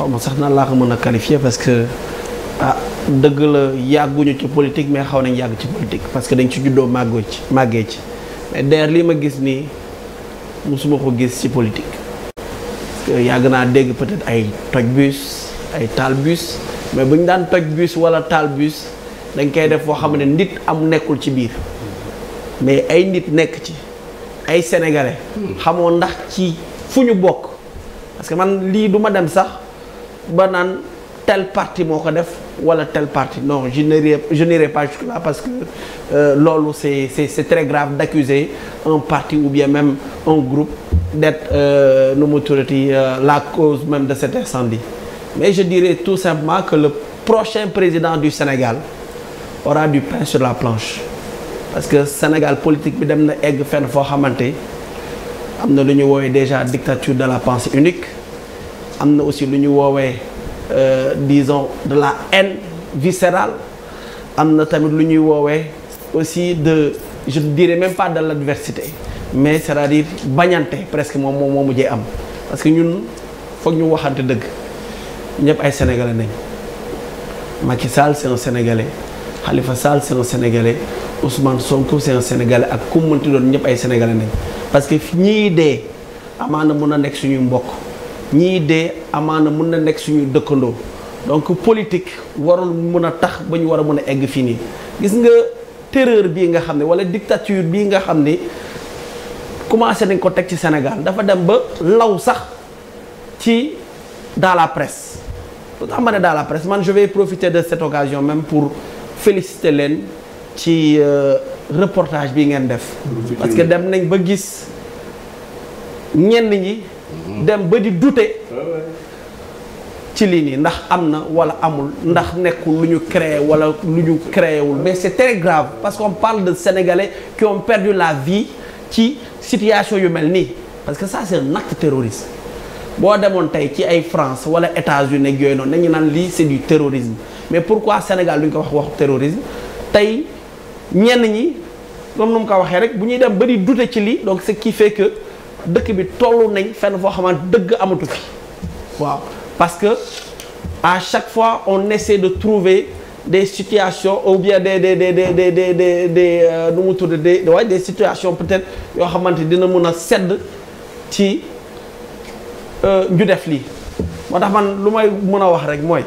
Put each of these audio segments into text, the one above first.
xaw ma sax nan laa ko que ah dëgg la yàgguñu ci politique mais xaw nañ yàgg ci politique parce que dañ ci juddoo màggoo ci màggee ci mais lii ma gis nii musuma ko gis ci politique. yàgg naa dégg peut-être ay toj ay taal mais bu daan toj bus wala taal bus dañ koy def foo xam ne nit am nekkul ci biir mais ay nit nekk ci ay sénégalais. Hmm. xamoo ndax ci fu ñu bokk parce man lii du dem sax. ba naan tel parti moo ko def wala tel parti non je n'irai je n'irai pas jusque là parce que euh, loolu c'est c'est c'est très grave d'accuser un parti ou bien même un group d'être euh, nu mu tuddati la cause même de cet incendie mais je dirais tout simplement que le prochain président du Sénégal aura du pain sur la planche parce que Sénégal politique bi dem na egg fen foo xamante am na lu ñu woowee déjà dictature de la pensée unique am na aussi lu ñu woowee euh, disons de la haine am na tamit lu ñuy woowee aussi de je dirais même pas de l'adversité mais cest à bañante presque moom moom moo mujjee am parce que ñun foog ñu waxante dëgg ñëpp ay sénégalais nañ Macky Sall c'est un xalifa Khalifa Sall c'est un sénégalais Ousmane Sonko c'est un sénégalais ak ku mënti doon ñëpp ay sénégalais nañ parce que ñii dee amaana mun a nekk suñuy mbokk. ñii dee amaana mun na nekk suñu dëkkandoo donc politique warul mun a tax ba ñu war a mun a egg fii nii gis nga terreur bii nga xam ne wala dictature bii nga xam ni commencé nañ ko teg ci Sénégal dafa dem ba law sax ci dans la presse lu tax ma ne dans la presse man je vais de cette occasion même pour féliciter leen ci euh, reportage bi ngeen def parce que dem nañ ba gis ñenn ñi dem ba di douter ci lii nii ndax am na wala amul ndax nekkul lu ñu créer wala lu ñu créer wul mais c'est très grave parce qu'on parle de Sénégalais qui per perdu la vie ci situation yu mel nii parce que ça c'est un acte boo demoon tey ci ay France wala États-Unis yooyu noonu nañu naan lii c'est du terrorisme mais pourquoi Sénégal lu ñu ko wax waxu terrorisme tey ñenn ñi loolu nu mu ko waxee rek bu ñuy dem ba di douter ci lii donc ce qui fait dëkk bi tollu nañ fenn foo xamante dëgg amatu fi waaw parce que à chaque fois on essaie de trouver des situations ou bien des des des des des des des euh, nu mu tudd des waaye des situations peut-être yoo xamante dina mun a sedd ci euh, ñu def lii. moo tax man lu may mën a wax rek mooy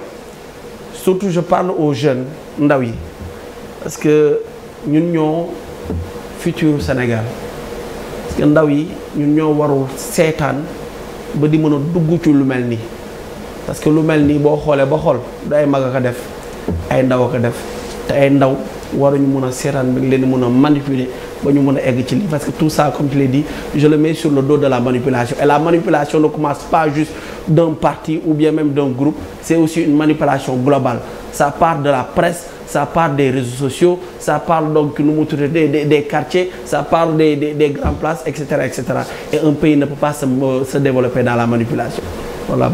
surtout je parle aux jeunes ndaw yi parce que ñun ñoo futur Sénégal. parce que ndaw yi ñun ñoo warul seetaan ba di mën a dugg ci lu mel nii parce que lu mel nii boo xoolee ba xool du ay mag a ko def ay ndaw a ko def te ay ndaw waruñu mën a seetaan bi leen mën a manipuler ba ñu mën a egg ci lii parce que tout ça comme tu l'as dit je le mets sur le dos de la manipulation et la manipulation ne commence pas juste d'un parti ou bien même d'un groupe c'est aussi une manipulation globale ça part de la presse ca par des réseaux sociaux ça parle donc nu mu tuddee des des des quartiers ça parle des des des grandes places et cetera et cetera et un pays ne peut pas se euh, développer dans la manipulation voilà.